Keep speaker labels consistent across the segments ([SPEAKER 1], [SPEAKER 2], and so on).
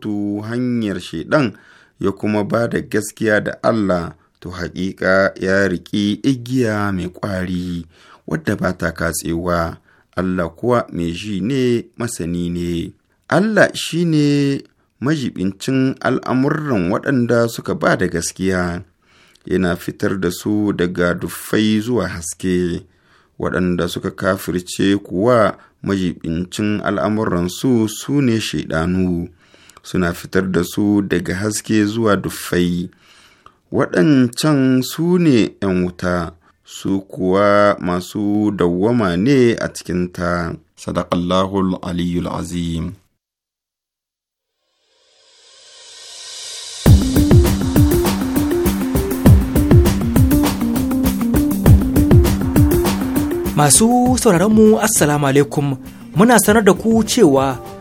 [SPEAKER 1] tu hanyar shaidan ya kuma ba da gaskiya da Allah to haƙiƙa ya riƙi igiya mai ƙwari wadda ba ta katsewa Allah kuwa mai ji ne masani ne Allah shi ne majibincin al'amuran waɗanda suka ba da gaskiya yana fitar da su daga duffai zuwa haske waɗanda suka kafirce kuwa majibincin al'amuransu su ne shaidanu suna fitar da su daga haske zuwa duffai waɗancan su ne ‘yan wuta su kuwa masu dawwama ne a cikinta sadakallahul aliyul azim
[SPEAKER 2] Masu sauraronmu Assalamu alaikum muna sanar da ku cewa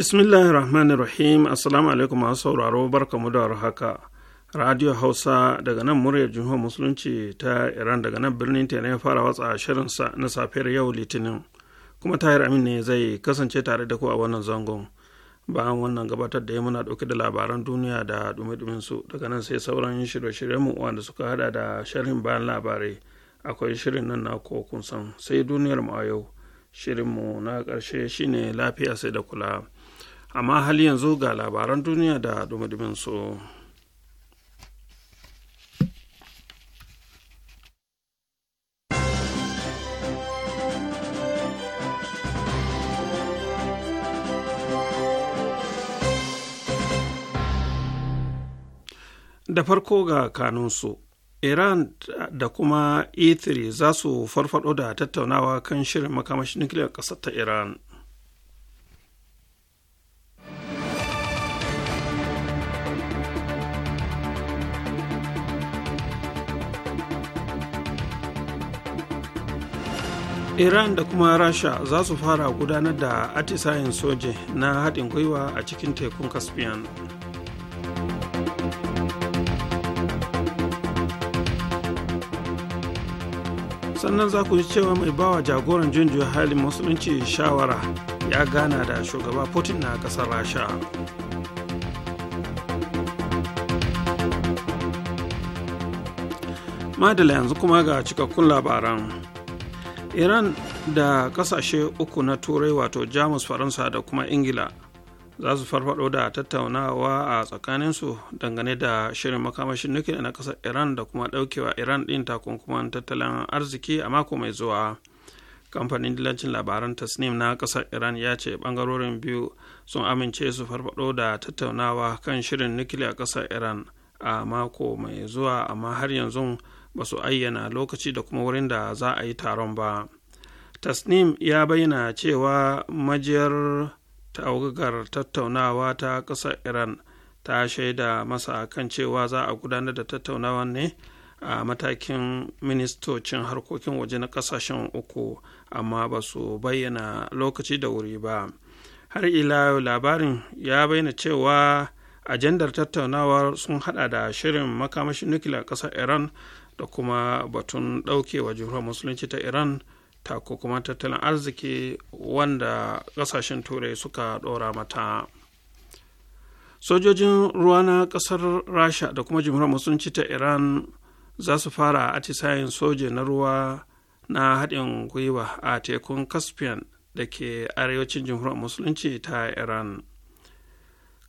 [SPEAKER 1] bismillahirrahmanirrahim rahim assalamu alaikum masu sauraro barkamu da haka radio hausa daga nan muryar jihar musulunci ta iran daga nan birnin ta ya fara watsa shirin sa na safiyar yau litinin kuma tahir amin ne zai kasance tare da ku a wannan zangon bayan wannan gabatar da ya muna dauke da labaran duniya da dumi su daga nan sai sauran shirye-shiryen mu wanda suka hada da sharhin bayan labarai akwai shirin nan na kun san sai duniyar mu a yau shirinmu na ƙarshe shine lafiya sai da kula amma hali yanzu ga labaran duniya da dumadumin su. da farko ga kanunsu iran da kuma e3 za su farfado da tattaunawa kan shirin makamashin nukiliyar ƙasar ta iran iran da kuma rasha za su fara gudanar da atisayen soje na haɗin gwiwa a cikin tekun caspian sannan za ku ji cewa mai bawa jagoran junjiyar halin musulunci shawara ya gana da shugaba putin na ƙasar rasha madala yanzu kuma ga cikakkun labaran iran da kasashe uku na turai wato jamus faransa da kuma ingila za su farfado da tattaunawa a tsakaninsu dangane da shirin makamashin nukiliya na kasar iran da kuma daukewa iran din takunkuman tattalin arziki a mako mai zuwa kamfanin dillancin labaran tasnim na kasar iran ya ce bangarorin biyu sun amince su farfado da tattaunawa kan shirin nukiliya kasar iran a mako mai zuwa amma har yanzu ba su ayyana lokaci da kuma wurin da za a yi taron ba tasnim ya bayyana cewa majiyar tawagar tattaunawa ta ƙasar iran ta shaida masa kan cewa za a gudanar da tattaunawa ne a matakin ministocin harkokin waje na ƙasashen uku amma ba su bayyana lokaci da wuri ba har ila labarin ya bayyana cewa ajandar tattaunawar sun hada da shirin makamashin nukiliyar ƙasar iran da kuma batun ɗaukewa jumhuriyar musulunci ta iran ta ko kuma tattalin arziki wanda ƙasashen turai suka ɗora mata sojojin ruwa na ƙasar rasha da kuma jumhuriyar musulunci ta iran za su fara a atisayin soje na ruwa na haɗin gwiwa a tekun caspian da ke arewacin jamhuriyar musulunci ta iran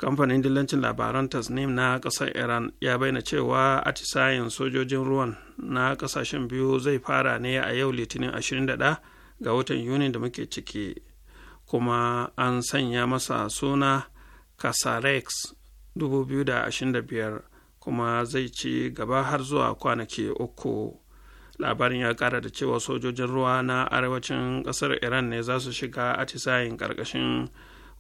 [SPEAKER 1] kamfanin dillancin labaran tasnim na ƙasar iran ya bayyana cewa atisayen sojojin ruwan na ƙasashen biyu zai fara ne a yau litinin 21 ga watan yuni da muke ciki kuma an sanya masa suna kasarex 2025 kuma zai ci gaba har zuwa kwanaki uku labarin ya kara da cewa sojojin ruwa na arewacin ƙasar iran ne za su shiga atisayen ƙarƙashin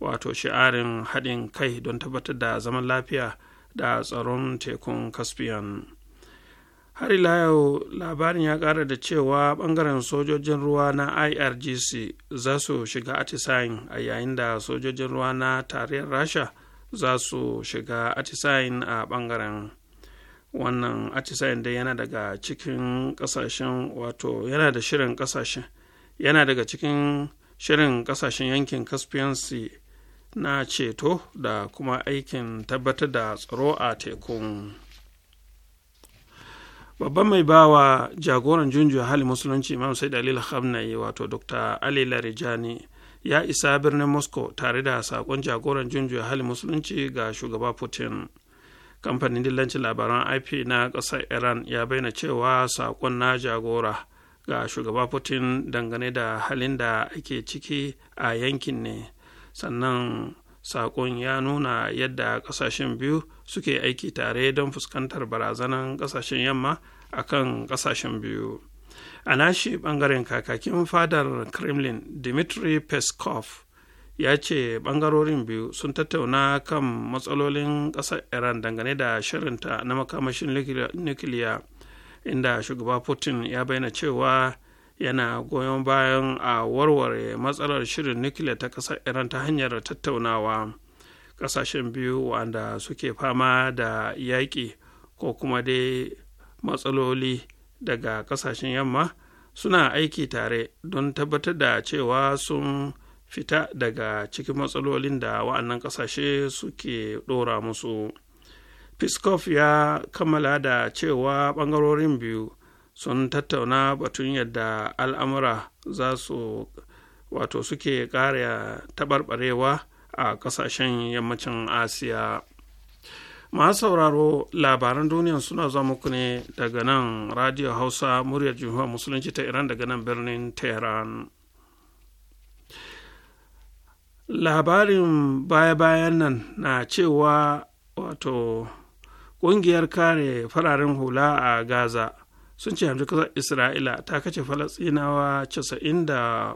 [SPEAKER 1] wato shi'arin haɗin kai don tabbatar da zaman lafiya da tsaron tekun caspian har ila yau labarin ya ƙara da cewa ɓangaren sojojin ruwa na irgc za su shiga atisayin a yayin da sojojin ruwa na tarayyar rasha za su shiga atisayin a ɓangaren wannan atisayin dai yana daga cikin ƙasashen wato yana da shirin ƙasashen yana daga cikin shirin ƙasashen yankin caspian sea na ceto da kuma aikin tabbatar da tsaro a tekun babban mai bawa jagoran junju hali musulunci imam sai dalil hamnai wato dr ali larijani ya isa birnin moscow tare da sakon jagoran junju hali musulunci ga shugaba putin kamfanin dillancin labaran ip na ƙasar iran ya bayyana cewa sakon na jagora ga shugaba putin dangane da halin da ake ciki a yankin ne sannan saƙon ya nuna yadda ƙasashen biyu suke aiki tare don fuskantar barazanan ƙasashen yamma a kan ƙasashen biyu a nashi ɓangaren kakakin fadar kremlin dmitry peskov ya ce ɓangarorin biyu sun tattauna kan matsalolin ƙasar iran dangane da shirinta na makamashin nukiliya inda shugaba putin ya bayyana cewa yana goyon bayan a warware matsalar shirin nukiliya ta ƙasar iran ta hanyar tattaunawa ƙasashen biyu wanda suke fama da yaƙi ko kuma dai matsaloli daga ƙasashen yamma suna aiki tare don tabbatar da cewa sun fita daga cikin matsalolin da wa'annan ƙasashe suke ɗora musu. Fiskov ya kammala da cewa ɓangarorin biyu sun tattauna batun yadda al'amura za su wato suke ƙara taɓarɓarewa a ƙasashen yammacin asiya masu sauraro labaran duniya suna zuwa muku ne daga nan radio hausa muryar jihuwa musulunci ta iran daga nan birnin tehran labarin baya-bayan nan na cewa wato ƙungiyar kare fararen hula a gaza sun ce hamshin kasar isra'ila ta kace falasinawa 93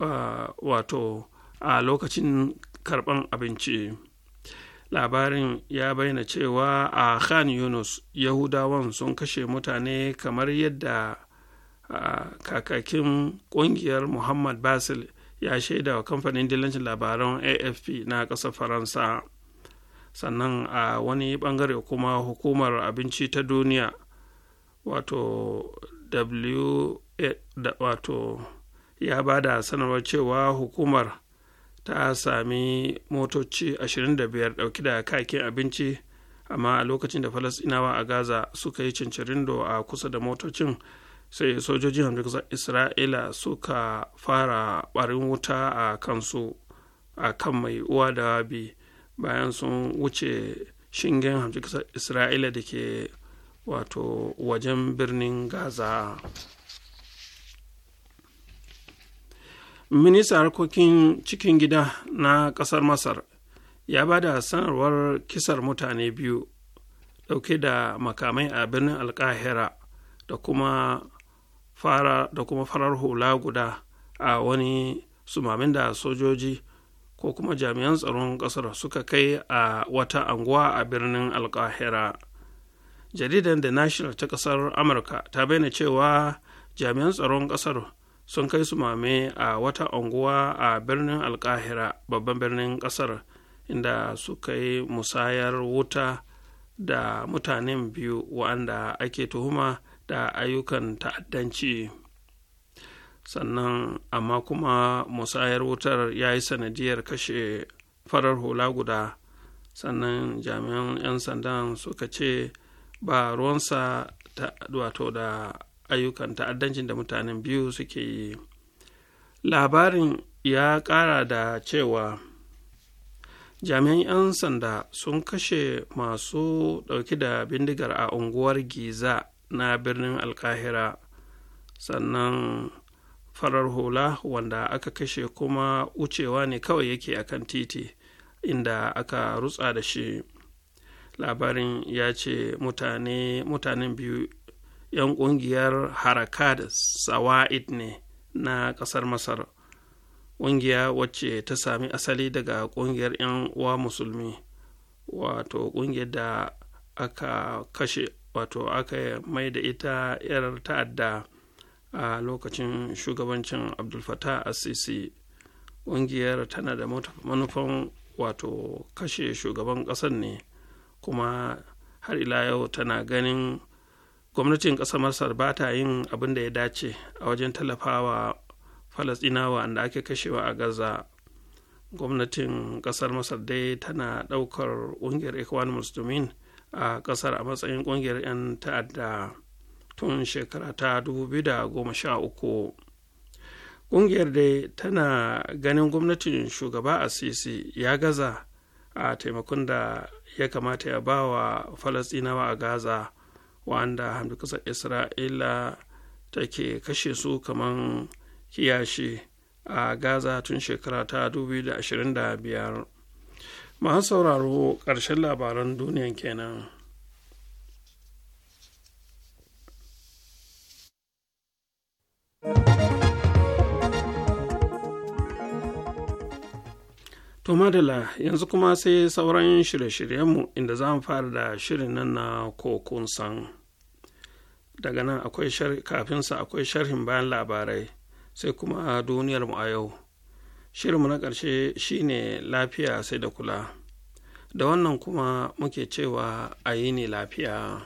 [SPEAKER 1] uh, wato a lokacin karban abinci labarin ya bayyana cewa a khan yunus yahudawan sun kashe mutane kamar yadda uh, kakakin kungiyar muhammad basil ya shaida wa kamfanin dillancin labaran afp na ƙasar faransa sannan a wani bangare kuma hukumar abinci ta duniya wato w wato ya ba da sanarwar cewa hukumar ta sami motoci 25 dauki da kakin abinci amma a lokacin da falasinawa a gaza suka yi cincirindo a kusa da motocin sai sojojin hamdukasar isra'ila suka fara barin wuta a kansu a kan mai uwa da wabi bayan sun wuce shingen hamdukasar isra'ila da ke wato wajen birnin gaza ministan harkokin cikin gida na kasar masar ya ba da sanarwar kisar mutane biyu dauke da makamai a birnin alkahira da kuma fara da kuma farar hula guda a wani sumamin da sojoji ko kuma jami'an tsaron ƙasar suka kai a wata anguwa a birnin alkahira jaridar da national ta kasar amurka ta bayyana cewa jami'an tsaron kasar sun kai su mame a wata unguwa a birnin alkahira babban birnin kasar inda suka yi musayar wuta da mutanen biyu wa'anda ake tuhuma da ayyukan ta'addanci sannan amma kuma musayar wutar ya yi sanadiyar kashe farar hula guda sannan jami'an 'yan sandan suka ce ba ruwansa ta wato da ayyukan ta'addancin da mutanen biyu suke yi labarin ya ƙara da cewa jami'an 'yan sanda sun kashe masu ɗauki da bindigar a unguwar giza na birnin alkahira sannan farar hula wanda aka kashe kuma wucewa ne kawai yake akan titi inda aka rutsa da shi labarin ya ce mutane biyu 'yan ƙungiyar harakat sawa'id ne na ƙasar masar ƙungiya wacce ta sami asali daga ƙungiyar 'yan uwa musulmi wato ƙungiyar da aka kashe wato aka mai da ita 'yar ta'adda a lokacin shugabancin abdulfatah assisi ƙungiyar tana da manufan wato kashe shugaban ƙasar ne kuma har ila yau tana ganin gwamnatin ƙasar masar ba ta yin abin da ya dace a wajen tallafawa falasɗinawa da ake kashewa a gaza gwamnatin ƙasar masar dai tana ɗaukar ƙungiyar ikwan musulmin a ƙasar a matsayin ƙungiyar 'yan ta'adda tun shekara ta 2013 ƙungiyar dai tana ganin gwamnatin shugaba a sisi ya gaza a taimakon da ya kamata ya ba wa falastinawa a gaza wanda hamdu isra'ila take kashe su kamar kiyashi a gaza tun shekara ta 2025 masu sauraro ƙarshen labaran duniyan kenan. thank you To madala yanzu kuma sai sauran shirye-shiryenmu inda za mu fara da shirin nan na kokun san. Daga nan akwai kafin sa akwai sharhin bayan labarai sai kuma duniyarmu a yau. Shirinmu na ƙarshe shine lafiya sai da kula. Da wannan kuma muke cewa a yi ne lafiya.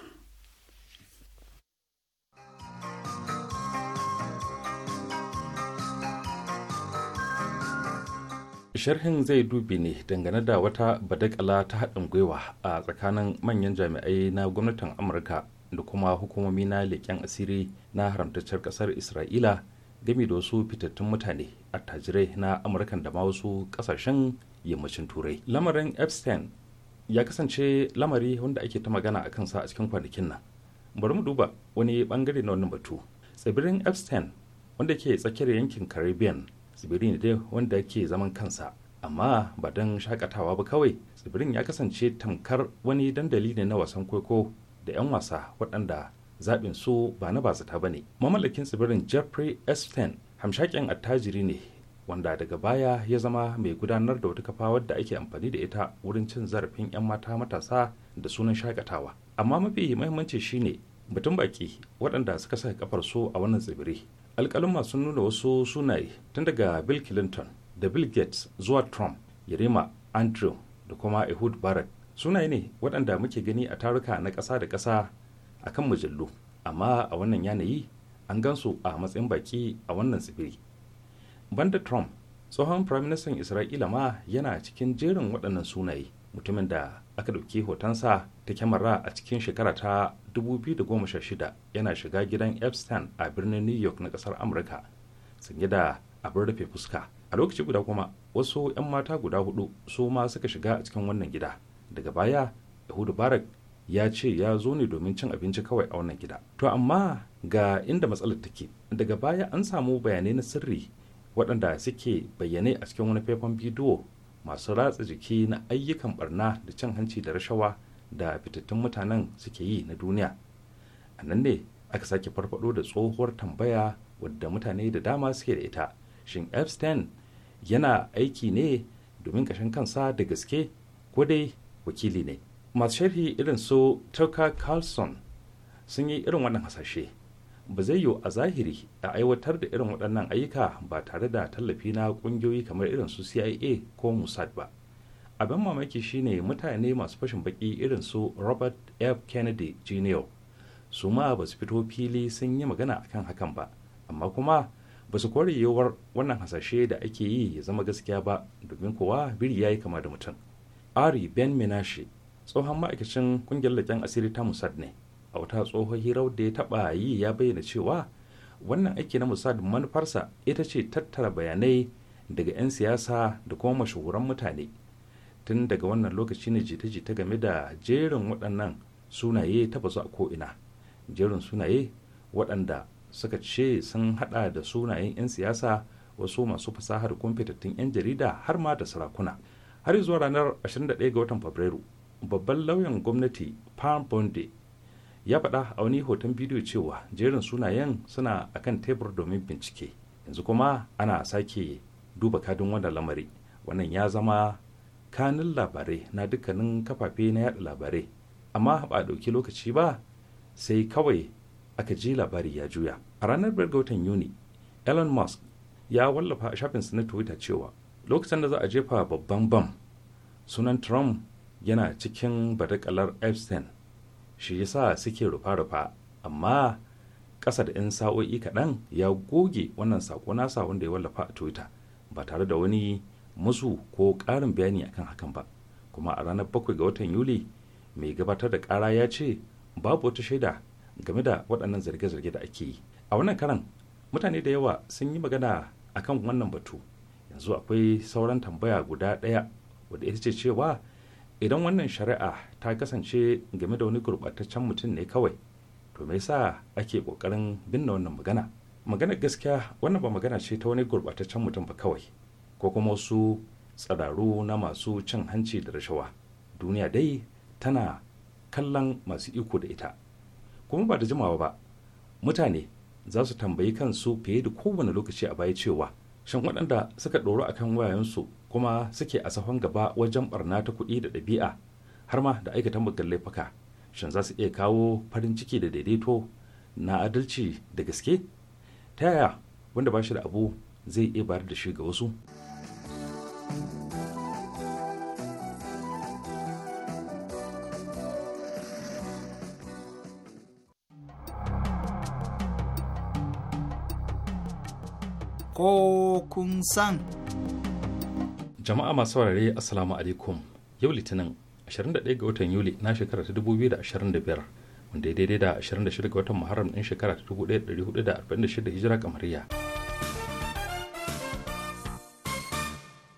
[SPEAKER 3] sharhin zai dubi ne dangane da wata badakala ta haɗin gwiwa a tsakanin manyan jami'ai na gwamnatin amurka da kuma hukumomi na leƙen asiri na haramtaccen ƙasar isra'ila game da wasu fitattun mutane attajirai na amurkan da ma wasu ƙasashen yammacin turai lamarin epstein ya kasance lamari wanda ake ta magana a kansa a cikin kwanakin nan bari mu duba wani bangare na wannan batu tsibirin epstein wanda ke tsakiyar yankin caribbean tsibiri ne dai wanda yake zaman kansa amma ba don shakatawa ba kawai tsibirin ya kasance tamkar wani dandali ne na wasan kwaiko da 'yan wasa waɗanda zaɓin su ba na bazata ba ne mamallakin tsibirin jeffrey epstein hamshakin attajiri ne wanda daga baya ya zama mai gudanar da wata kafa wadda ake amfani da ita wurin cin zarafin 'yan mata matasa da sunan shakatawa amma mafi muhimmanci shine mutum baki waɗanda suka saka kafar su a wannan tsibiri alkaluma sun nuna wasu sunaye tun daga bill clinton da bill gates zuwa trump yarima andrew da kuma ehud barak sunaye ne waɗanda muke gani a taruka na ƙasa da ƙasa a kan mujallu amma a wannan yanayi an gansu a matsayin baki a wannan tsibiri banda trump tsohon firaministan isra'ila ma yana cikin jerin waɗannan sunaye mutumin da aka ɗauki hotonsa ta kyamara a cikin shekara ta 2016 yana shiga gidan epstein a birnin new york na ƙasar amurka sanye da abin rufe fuska a lokaci guda kuma wasu 'yan mata guda hudu su ma suka shiga a cikin wannan gida daga baya yahudu barak ya ce ya zo ne domin cin abinci kawai a wannan gida to amma ga inda matsalar take daga baya an samu bayanai na sirri waɗanda suke bayyane a cikin wani faifan bidiyo masu ratsa jiki na ayyukan barna da cin hanci da rashawa da fitattun mutanen suke yi na duniya a nan ne aka sake farfado da tsohuwar tambaya wadda mutane da dama suke da ita shin epstein yana aiki ne domin kashin kansa da gaske ko dai wakili ne masu sharhi irin su tucker carlson sun yi irin wannan hasashe ba zai yiwu a zahiri a aiwatar da irin waɗannan ayyuka ba tare da tallafi na ƙungiyoyi kamar irin su cia ko mossad ba abin mamaki shine mutane masu fashin baki irin su robert f kennedy jr su ma ba su fito fili sun yi magana akan hakan ba amma kuma ba su kori yiwuwar wannan hasashe da ake yi ya zama gaskiya ba domin kowa biri ya yi kama da mutum ari ben menashe tsohon ma'aikacin ƙungiyar leƙen asiri ta musad ne a wata tsohon hirar da ya taɓa yi ya bayyana cewa wannan aiki na musad manufarsa ita ce tattara bayanai daga 'yan siyasa da kuma mashahuran mutane tun daga wannan lokaci ne jita-jita game da jerin waɗannan sunaye ta a ko'ina jerin sunaye waɗanda suka ce sun hada da sunayen 'yan siyasa wasu masu fasahar kwamfitattun 'yan jarida har ma da sarakuna har zuwa ranar 21 ga watan fabrairu babban lauyan gwamnati pam bondi ya faɗa a wani hoton bidiyo cewa jerin sunayen suna akan tebur domin bincike yanzu kuma ana sake duba kadin wannan lamari wannan ya zama kanin labarai na dukkanin kafafe na yada labarai amma ba a ɗauki lokaci ba sai kawai aka ji labari ya juya a ranar ga watan yuni elon musk ya wallafa a shafinsa na twitter cewa lokacin da za a jefa babban bam sunan trump yana cikin badakalar epstein shi yasa suke rufa-rufa amma ƙasa da 'yan sa'o'i kaɗan ya goge wannan saƙo nasa wanda ya wallafa a twitter ba tare da wani musu ko ƙarin bayani akan hakan ba kuma a ranar bakwai ga watan yuli mai gabatar da ƙara ya ce babu wata shaida game da waɗannan zarge-zarge da ake yi a wannan karan mutane da yawa sun yi magana akan wannan batu yanzu akwai sauran tambaya guda ɗaya wadda ita ce cewa idan wannan shari'a ta kasance game da wani gurɓataccen mutum ne kawai to me yasa ake ƙoƙarin binne wannan magana magana gaskiya wannan ba magana ce ta wani gurɓataccen mutum ba kawai ko kuma wasu tsiraru na masu cin hanci da rashawa duniya dai tana kallon masu iko da ita kuma ba da jimawa ba mutane za su tambayi kansu fiye da kowane lokaci a baya cewa shin waɗanda suka ɗoro akan wayansu kuma suke a sahon gaba wajen barna ta kuɗi da ɗabi'a har ma da aikata muggan laifuka shin za su iya kawo farin ciki da daidaito na adalci da gaske ta yaya wanda ba shi da abu zai iya bayar da shi ga wasu
[SPEAKER 4] ko
[SPEAKER 5] kun san
[SPEAKER 3] jama'a masu saurare assalamu alaikum yau litinin 21 ga watan yuli na shekara ta 2025 wanda ya daidai da 26 ga watan muharram din shekara ta 1446 hijira kamariya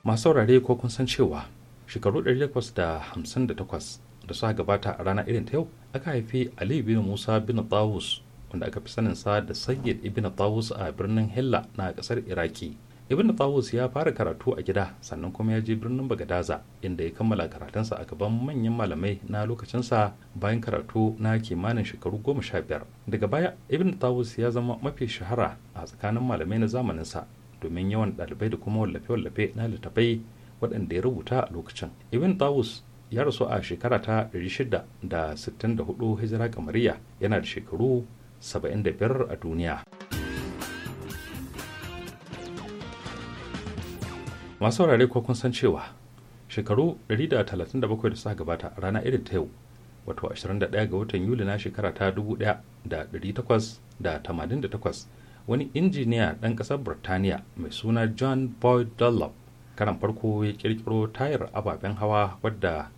[SPEAKER 3] masu saurare ko kun san cewa shekaru 1858 da suka gabata a rana irin ta yau aka haifi ali bin musa bin tawus wanda aka fi saninsa da sayyid ibn tawus a birnin hilla na kasar iraki ibn tawus ya fara karatu a gida sannan kuma ya je birnin bagadaza inda ya kammala karatunsa a gaban manyan malamai na lokacinsa bayan karatu na kimanin shekaru goma sha biyar daga baya ibn tawus ya zama mafi shahara a tsakanin malamai na zamaninsa domin yawan dalibai da kuma wallafe-wallafe na littattafai waɗanda ya rubuta a lokacin ibn tawus ya rasu a shekara ta 664 hijira kamariya yana da shekaru 75 a duniya. masu saurare ko kun san cewa shekaru 137 da suka gabata rana irin ta yau wato 21 ga watan yuli na shekara ta 1888 wani injiniya ɗan ƙasar burtaniya mai suna john boyd dunlop karan farko ya kirkiro tayar ababen hawa wadda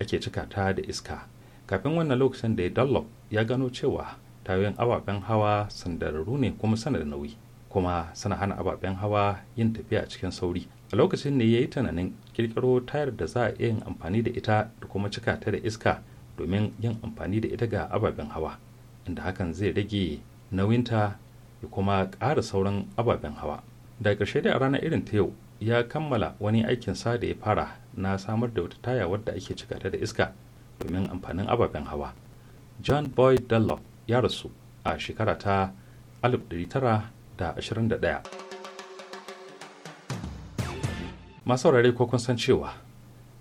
[SPEAKER 3] ake cika ta da iska kafin wannan lokacin da ya dunlop ya gano cewa tayoyin ababen hawa sandararru ne kuma sana da nauyi kuma suna hana ababen hawa yin tafiya cikin sauri a lokacin ne ya yi tunanin kirkiro tayar da za a iya yin amfani da ita da kuma cika ta da iska domin yin amfani da ita ga ababen hawa inda hakan zai rage nauyinta ya kuma ƙara sauran ababen hawa da ƙarshe da a ranar irin ta yau ya kammala wani aikin sa da ya fara na samar da wata taya wadda ake cika ta da iska domin amfanin ababen hawa john boyd dunlop ya rasu a shekara ta 1921 masu saurare ko kun san cewa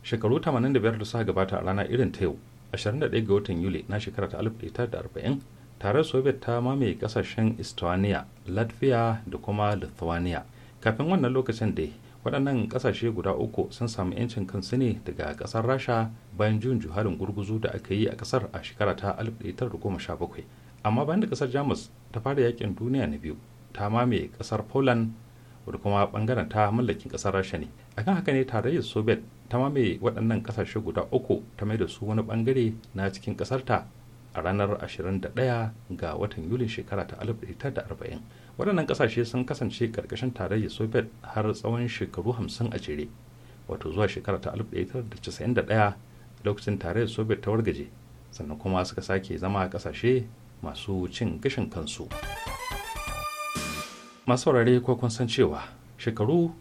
[SPEAKER 3] shekaru 85 da suka gabata a rana irin ta yau 21 ga watan yuli na shekara ta 1940 tare soviet ta mamaye kasashen estonia latvia da kuma lithuania kafin wannan lokacin dai waɗannan kasashe guda uku sun samu 'yancin kansu ne daga kasar rasha bayan juyin juharin gurguzu da aka yi a ƙasar a shekara ta 1917 amma bayan da kasar jamus ta fara yakin duniya na biyu ta mamaye ƙasar poland wadda kuma ɓangaren ta mallakin ƙasar rasha ne akan haka ne tarayyar soviet ta mamaye waɗannan ƙasashe guda uku ta mai da su wani ɓangare na cikin ƙasarta a ranar 21 ga watan yulin shekara ta 1940 waɗannan ƙasashe sun kasance ƙarƙashin tarayyar soviet har tsawon shekaru 50 a jere wato zuwa shekara ta 1991 lokacin tarayyar soviet ta wargaje sannan kuma suka sake zama ƙasashe masu cin gashin kansu masu ko kun san cewa shekaru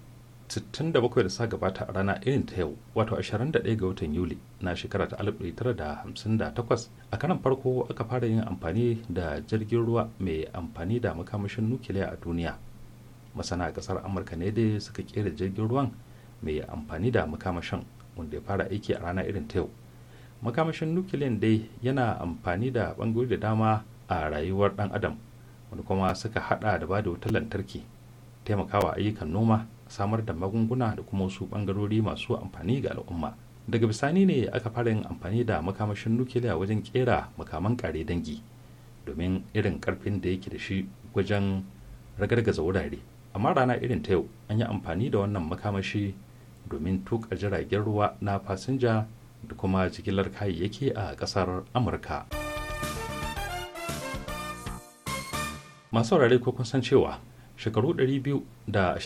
[SPEAKER 3] 67 da sa gabata a rana irin ta yau wato 21 ga watan yuli na shekara ta da 1958 a karan farko aka fara yin amfani da jirgin ruwa mai amfani da makamashin nukiliya a duniya masana a kasar amurka ne dai suka kera jirgin ruwan mai amfani da makamashin wanda ya fara aiki a rana irin ta yau makamashin nukiliyan dai yana amfani da bangarori da dama a rayuwar dan adam wanda kuma suka hada da bada wutar lantarki taimakawa ayyukan noma samar da magunguna da kuma wasu bangarori masu amfani ga al'umma daga bisani ne aka fara yin amfani da makamashin nukiliya wajen kera makaman kare dangi domin irin karfin da yake da shi wajen ragargaza wurare amma rana irin ta yau an yi amfani da wannan makamashi domin tuka jiragen ruwa na fasinja da kuma jigilar kayayyaki a kasar amurka masu saurare ko kun san cewa shekaru 227 da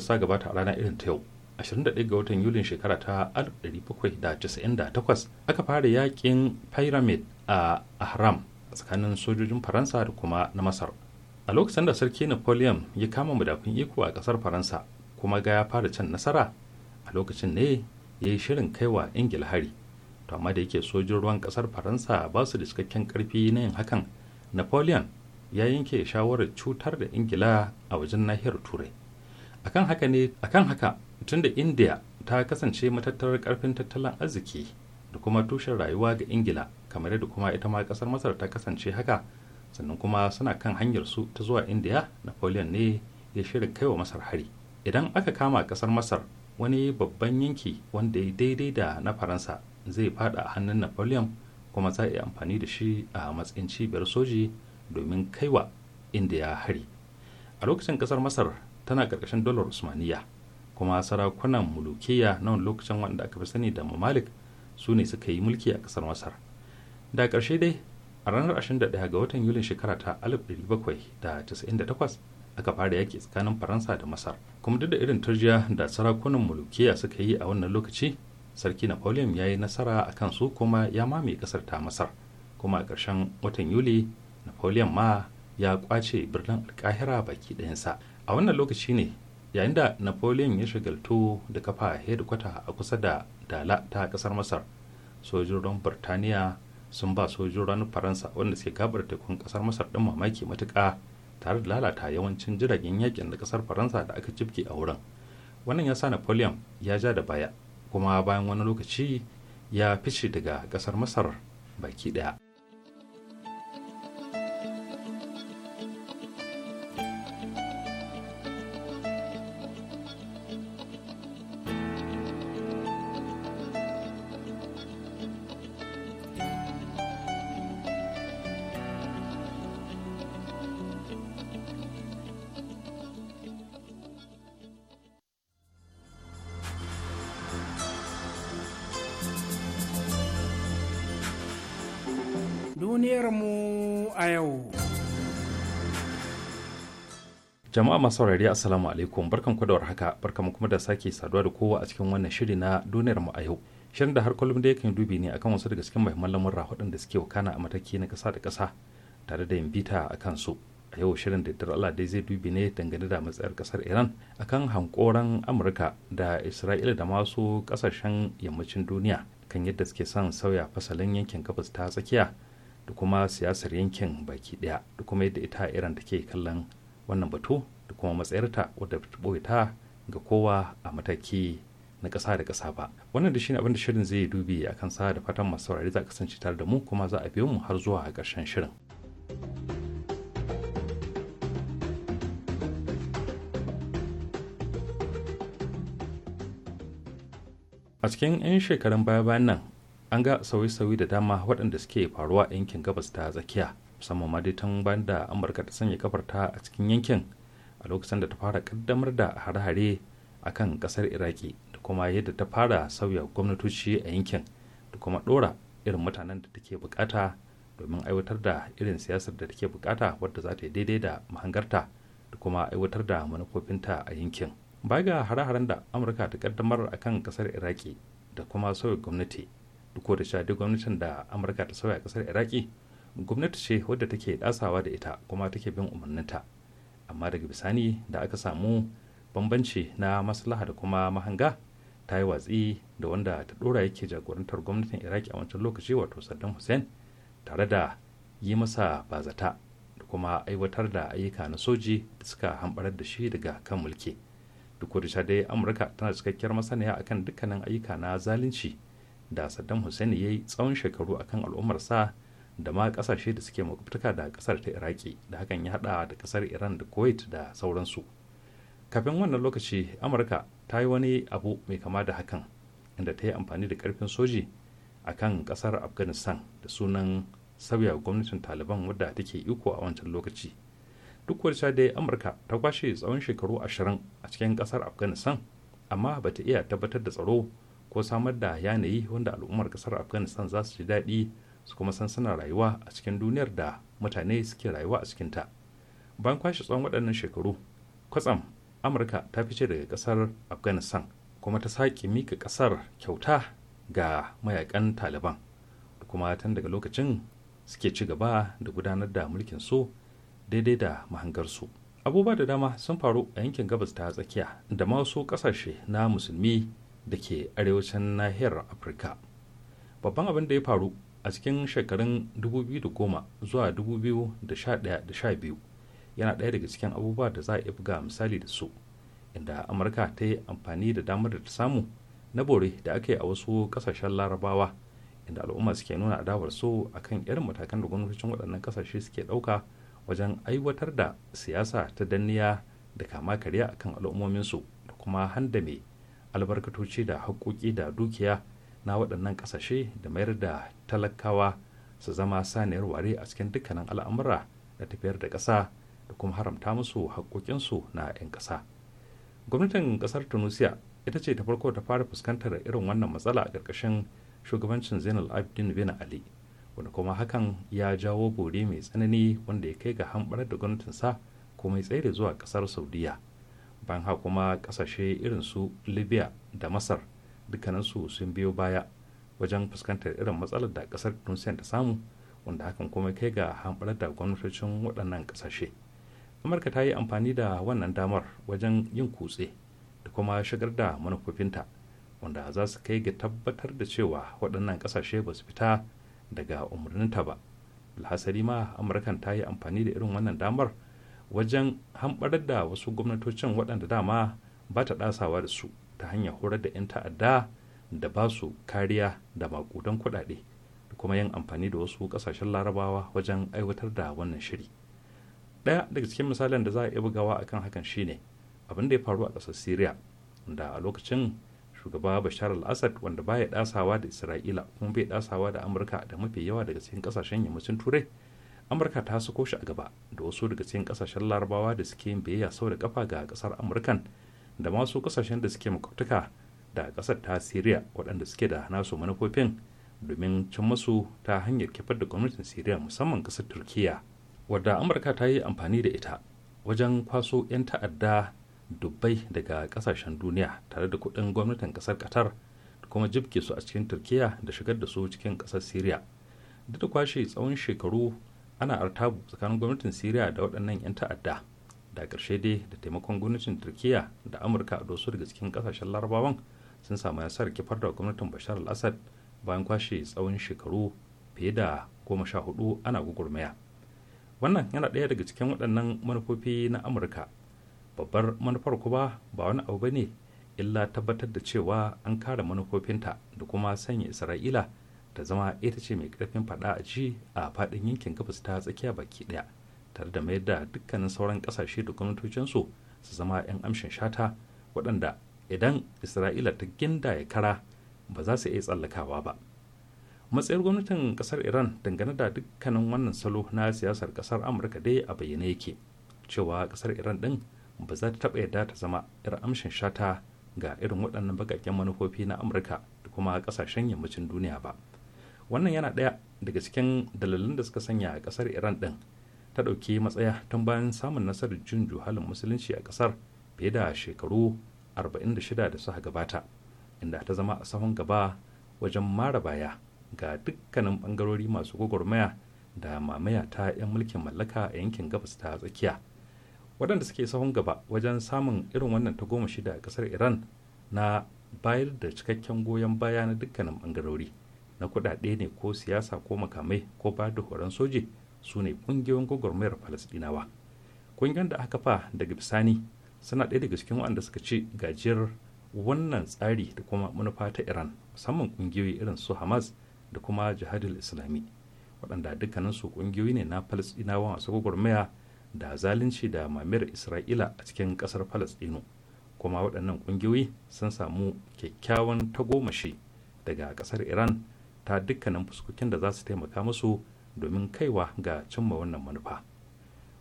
[SPEAKER 3] sa gabata a rana irin ta yau 21 ga watan yulin shekara ta 1798 aka fara yakin pyramid a ahram tsakanin sojojin faransa da kuma na masar a lokacin da sarki napoleon ya kama madafin iko a kasar faransa kuma ga ya fara can nasara a lokacin ne ya yi shirin kaiwa ingila hari to amma da yake sojin ruwan kasar faransa ba su da cikakken karfi na yin hakan napoleon ya yanke shawarar cutar da ingila a wajen nahiyar turai akan haka ne akan haka tunda india ta kasance matattarar karfin tattalin arziki da kuma tushen rayuwa ga ingila kamar yadda kuma ita ma kasar masar ta kasance haka sannan kuma suna kan hanyar su ta zuwa india napoleon ne ya shirya kaiwa masar hari idan aka kama kasar masar wani babban yanki wanda ya daidai da na faransa zai fada a hannun napoleon kuma za a yi amfani da shi a matsayin cibiyar soji domin kaiwa inda ya hari a lokacin kasar masar tana karkashin dolar usmaniya kuma sarakunan mulukiya na wani lokacin wanda aka fi sani da mamalik su ne suka yi mulki a kasar masar da karshe dai a ranar 21 ga watan yulin shekara ta 1798 aka fara yaki tsakanin faransa da masar kuma duk da irin turjiya da sarakunan mulukiya suka yi a wannan lokaci sarki napoleon ya yi nasara a kansu kuma ya mame kasar ta masar kuma a ƙarshen watan yuli napoleon ma ya kwace birnin alkahira baki ɗayansa a wannan lokaci ne yayin da napoleon ya shagaltu da kafa hedikwata a kusa da dala ta kasar masar sojojin birtaniya sun ba sojojin faransa wanda suke gabar tekun kasar masar ɗin mamaki matuƙa tare da lalata yawancin jiragen yakin da kasar faransa da aka jibge a wurin wannan ya sa napoleon ya ja da baya kuma bayan wani lokaci ya fice daga kasar masar baki ɗaya jama'a masu saurari assalamu alaikum barkan ku da warhaka barkan kuma da sake saduwa da kowa a cikin wannan shiri na duniyar mu a yau shirin da har kullum da yakan dubi ne akan wasu daga cikin muhimman lamurra hudun da suke wakana a mataki na kasa da kasa tare da yin bita a su a yau shirin da dar Allah dai zai dubi ne dangane da matsayar kasar Iran akan hankoran Amurka da Isra'ila da masu kasashen yammacin duniya kan yadda suke son sauya fasalin yankin gabas ta tsakiya da kuma siyasar yankin baki daya da kuma yadda ita Iran take kallon wannan batu da kuma matsayarta wadda ta ɓoye ta ga kowa a mataki na ƙasa da ƙasa ba wannan da shine abin da shirin zai dubi a kan sa da fatan masu saurari za kasance tare da mu kuma za a biyo mu har zuwa ƙarshen shirin a cikin 'yan shekarun baya-bayan nan an ga sauye-sauye da dama waɗanda suke faruwa a yankin gabas ta tsakiya musamman ma dai tun bayan da amurka ta sanya kafarta a cikin yankin a lokacin da ta fara kaddamar da hare-hare a kan kasar iraki da kuma yadda ta fara sauya gwamnatoci a yankin da kuma dora irin mutanen da take bukata domin aiwatar da irin siyasar da take bukata wadda za ta yi daidai da mahangarta da kuma aiwatar da manufofinta a yankin baya ga hare-haren da amurka ta kaddamar a kan kasar iraki da kuma sauya gwamnati duk da sha gwamnatin da amurka ta sauya kasar iraki gwamnati ce wadda take dasawa da ita kuma take bin umarninta amma daga bisani da aka samu bambanci na maslaha da kuma mahanga ta yi watsi da wanda ta dora yake jagorantar gwamnatin iraki a wancan lokaci wato saddam hussein tare da yi masa bazata da kuma aiwatar da ayyuka na soji da suka hambarar da shi daga kan mulki duk da dai amurka tana cikakkiyar masaniya akan dukkanin ayyuka na zalunci da saddam hussein ya yi tsawon shekaru akan al'ummarsa da ma kasashe da suke makwabtaka da kasar ta iraki da hakan ya hada da kasar iran da kuwait da sauransu kafin wannan lokaci amurka ta yi wani abu mai kama da hakan inda ta yi amfani da karfin soji a kan kasar afghanistan da sunan sauya gwamnatin taliban wadda take iko a wancan lokaci duk wani wadda dai amurka ta kwashe tsawon shekaru ashirin a cikin kasar afghanistan amma ba ta iya tabbatar da tsaro ko samar da yanayi wanda al'ummar kasar afghanistan za su ji daɗi su kuma san suna rayuwa a cikin duniyar da mutane suke rayuwa a cikinta bayan kwashe tsawon waɗannan shekaru kwatsam amurka ta fice daga ƙasar afghanistan kuma ta sake mika ƙasar kyauta ga mayakan taliban da kuma tun daga lokacin suke ci gaba da gudanar da mulkin su daidai da mahangarsu abubuwa da dama sun faru a yankin gabas ta tsakiya da ma wasu ƙasashe na musulmi da ke arewacin nahiyar afirka babban abin da ya faru a cikin shekarun 2010 zuwa 2011-12 yana ɗaya daga cikin abubuwa da za a iya buga misali da su inda amurka ta yi amfani da damar da ta samu na bore da aka yi a wasu ƙasashen larabawa inda al'umma suke nuna adawar so a kan irin matakan da gwamnatocin waɗannan kasashe suke ɗauka wajen aiwatar da siyasa ta danniya da kama karya a kan al'ummominsu da kuma handame albarkatoci da haƙoƙi da dukiya na waɗannan ƙasashe da mayar da talakawa su zama saniyar ware a cikin dukkanin al'amura da tafiyar da ƙasa da kuma haramta musu haƙoƙinsu na 'yan ƙasa gwamnatin ƙasar tunisia ita ce ta farko ta fara fuskantar irin wannan matsala a ƙarƙashin shugabancin zainal abidin bin ali wanda kuma hakan ya jawo bore mai tsanani wanda ya kai ga hamɓarar da gwamnatinsa ko mai tsere zuwa ƙasar saudiya ban ha kuma ƙasashe irin su libya da masar dukkaninsu sun biyo baya wajen fuskantar irin matsalar da kasar tunisia ta samu wanda hakan kuma kai ga hamɓarar da gwamnatocin waɗannan ƙasashe amurka ta yi amfani da wannan damar wajen yin kutse da kuma shigar da manufofinta wanda za su kai ga tabbatar da cewa waɗannan ƙasashe ba su fita daga umarninta ba alhasari ma amurkan ta yi amfani da irin wannan damar wajen hamɓarar da wasu gwamnatocin waɗanda dama ba ta ɗasawa da su ta hanyar horar da 'yan ta'adda da ba su kariya da makudan kuɗaɗe da kuma yin amfani da wasu ƙasashen larabawa wajen aiwatar da wannan shiri daya daga cikin misalin da za a iya bugawa akan hakan shine abin da ya faru a ƙasar syria da a lokacin shugaba bashar al-assad wanda baya ɗasawa da isra'ila kuma bai ɗasawa da amurka da mafi yawa daga cikin ƙasashen yammacin turai amurka ta sako shi a gaba da wasu daga cikin ƙasashen larabawa da suke biyayya sau da kafa ga ƙasar amurkan da masu kasashen da suke makwabtaka da kasar ta syria waɗanda suke da nasu manufofin domin cin masu ta hanyar kifar da gwamnatin syria musamman kasar turkiya wadda amurka ta yi amfani da ita wajen kwaso 'yan ta'adda dubbai daga kasashen duniya tare da kuɗin gwamnatin kasar qatar da kuma jibge su a cikin turkiya da shigar da su cikin kasar syria duk da kwashe tsawon shekaru ana artabu tsakanin gwamnatin syria da waɗannan 'yan ta'adda da ƙarshe dai da taimakon gwamnatin turkiya da amurka a dosu daga cikin ƙasashen larabawan sun samu nasarar kifar da gwamnatin bashar al-assad bayan kwashe tsawon shekaru fiye da goma sha hudu ana gugurmaya wannan yana ɗaya daga cikin waɗannan manufofi na amurka babbar manufar kuma ba wani abu ba ne illa tabbatar da cewa an kare manufofinta da kuma sanya isra'ila ta zama ita ce mai ƙarfin faɗa a ci a faɗin yankin gabas ta tsakiya baki ɗaya tare da mayar da dukkanin sauran kasashe da gwamnatocinsu su zama 'yan amshin shata waɗanda idan isra'ila ta ginda ya kara ba za su iya tsallakawa ba matsayin gwamnatin kasar iran dangane da dukkanin wannan salo na siyasar kasar amurka dai a bayyane yake cewa kasar iran din ba za ta taɓa yadda ta zama 'yar amshin shata ga irin waɗannan bakaken manufofi na amurka da kuma ƙasashen yammacin duniya ba wannan yana ɗaya daga cikin dalilin da suka sanya a kasar iran din ta ɗauki matsaya tun bayan samun nasarar jin juhalin musulunci a ƙasar fiye da shekaru 46 da suka gabata inda ta zama a sahun gaba wajen mara baya ga dukkanin bangarori masu gwagwarmaya da mamaya ta 'yan mulkin mallaka a yankin gabas ta tsakiya waɗanda suke sahun gaba wajen samun irin wannan ta goma shida a ƙasar iran na bayar da cikakken goyon baya na dukkanin bangarori na kuɗaɗe ne ko siyasa ko makamai ko ba da horon soji su ne kungiyoyin gwagwarmayar falasɗinawa ƙungiyar da aka fa daga bisani suna ɗaya daga cikin waɗanda suka ci gajiyar wannan tsari da kuma manufa ta iran musamman ƙungiyoyi irin su hamas da kuma jihadul islami waɗanda dukkaninsu ƙungiyoyi ne na falasɗinawa masu gwagwarmaya da zalunci da mamayar isra'ila a cikin ƙasar falasɗinu kuma waɗannan ƙungiyoyi sun samu kyakkyawan tagomashi daga ƙasar iran ta dukkanin fuskokin da za su taimaka musu domin kaiwa ga cimma wannan manufa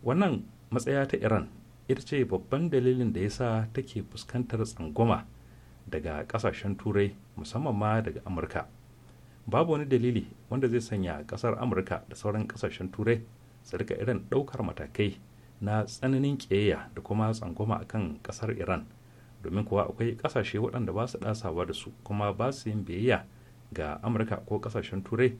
[SPEAKER 3] wannan matsaya ta iran ita ce babban dalilin da ya sa take fuskantar tsangwama daga kasashen turai musamman ma daga amurka babu wani dalili wanda zai sanya kasar amurka da sauran kasashen turai su rika irin daukar matakai na tsananin ƙiyayya da kuma tsangwama kan kasar iran domin kuwa akwai kasashe waɗanda ba su ɗasawa da su kuma ba su yin biyayya ga amurka ko kasashen turai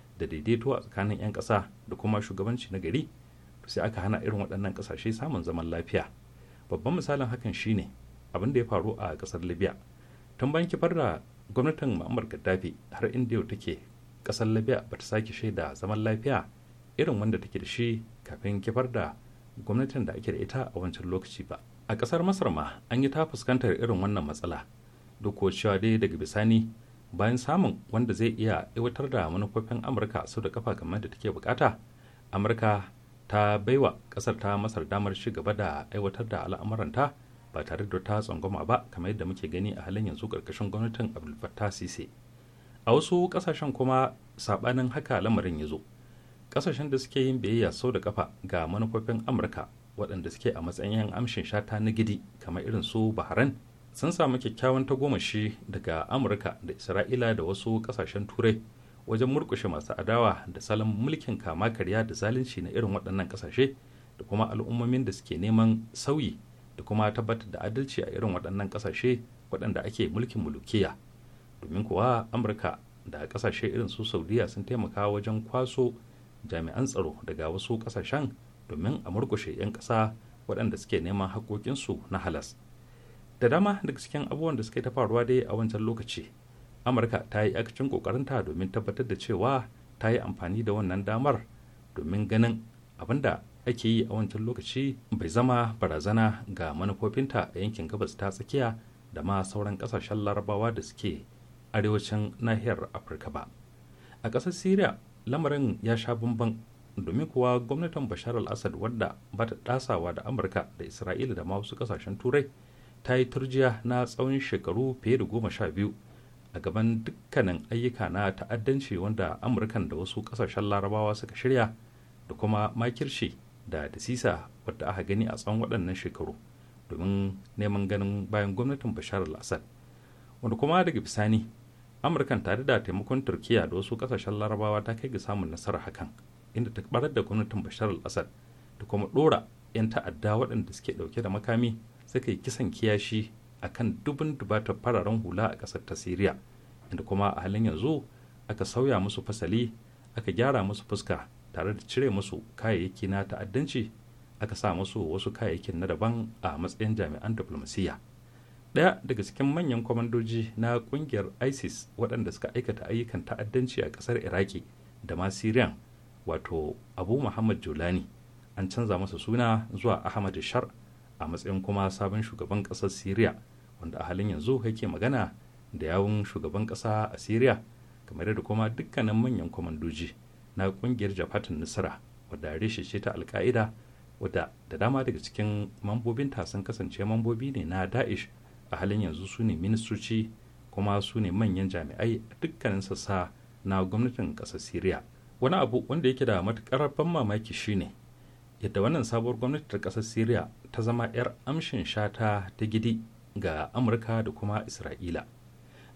[SPEAKER 3] da daidaito a tsakanin 'yan ƙasa da kuma shugabanci na gari sai aka hana irin waɗannan ƙasashe samun zaman lafiya babban misalin hakan shine abin da ya faru a ƙasar libya tun bayan kifar da gwamnatin ma'amar gaddafi har inda yau take ƙasar libya ba ta sake shaida zaman lafiya irin wanda take da shi kafin kifar da gwamnatin da ake da ita a wancan lokaci ba a ƙasar masar ma an yi ta fuskantar irin wannan matsala duk cewa dai daga bisani bayan samun wanda zai iya aiwatar da manufofin amurka sau da kafa kamar da take bukata amurka ta baiwa kasar ta masar damar ci gaba da aiwatar da al'amuranta ba tare da ta tsangwama ba kamar yadda muke gani a halin yanzu karkashin gwamnatin abdul sise a wasu kasashen kuma sabanin haka lamarin ya zo kasashen da suke yin biyayya sau da kafa ga manufofin amurka waɗanda suke a matsayin amshin shata na gidi kamar irin su baharan sun samu kyakkyawan tagomashi daga amurka da isra'ila da wasu kasashen turai wajen murkushe masu adawa da salon mulkin kama karya da zalunci na irin waɗannan kasashe da kuma al'ummomin da suke neman sauyi da kuma tabbatar da adalci a irin waɗannan kasashe waɗanda ake mulkin mulukiya domin kuwa amurka da kasashe irin su saudiya sun taimaka wajen kwaso jami'an tsaro daga wasu kasashen domin a murkushe 'yan ƙasa waɗanda suke neman haƙoƙinsu na halas da dama daga cikin abubuwan da suka ta faruwa dai a wancan lokaci amurka ta yi akacin kokarinta domin tabbatar da cewa ta yi amfani da wannan damar domin ganin abin da ake yi a wancan lokaci bai zama barazana ga manufofinta a yankin gabas ta tsakiya da ma sauran kasashen larabawa da suke arewacin nahiyar afirka ba a ƙasar syria lamarin ya sha bamban domin kuwa gwamnatin bashar al-assad wadda ba ta ɗasawa da amurka da isra'ila da ma wasu ƙasashen turai ta yi turjiya na tsawon shekaru fiye da goma sha biyu a gaban dukkanin ayyuka na ta'addanci wanda amurkan da wasu kasashen larabawa suka shirya da kuma makirci da dasisa wadda aka gani a tsawon waɗannan shekaru domin neman ganin bayan gwamnatin bashar al-assad wanda kuma daga bisani amurkan tare da taimakon turkiya da wasu kasashen larabawa ta kai ga samun nasara hakan inda ta barar da gwamnatin bashar al-assad da kuma ɗora 'yan ta'adda waɗanda suke ɗauke da makami suka yi kisan kiyashi a kan dubin dubatar fararen hula a ƙasar ta siriya inda kuma a halin yanzu aka sauya musu fasali aka gyara musu fuska tare da cire musu kayayyaki na ta'addanci aka sa musu wasu kayayyakin na daban a matsayin jami'an diflomasiyya ɗaya daga cikin manyan kwamandoji na ƙungiyar isis waɗanda suka aikata ayyukan ta'addanci a ƙasar iraki da ma siriyan wato abu muhammad julani an canza masa suna zuwa ahmad shar a matsayin kuma sabon shugaban ƙasar syria wanda a halin yanzu yake magana da yawun shugaban ƙasa a syria kamar da kuma dukkanin manyan kwamandoji na ƙungiyar jafatin nasara wadda reshe ce ta alka'ida wadda da dama daga cikin mambobinta sun kasance mambobi ne na daesh a halin yanzu su ne ministoci kuma su ne manyan jami'ai a dukkanin sassa na gwamnatin ƙasar syria wani abu wanda yake da matuƙar ban mamaki shine yadda wannan sabuwar gwamnati ta ƙasar syria ta zama 'yar amshin shata ta gidi ga amurka da kuma isra'ila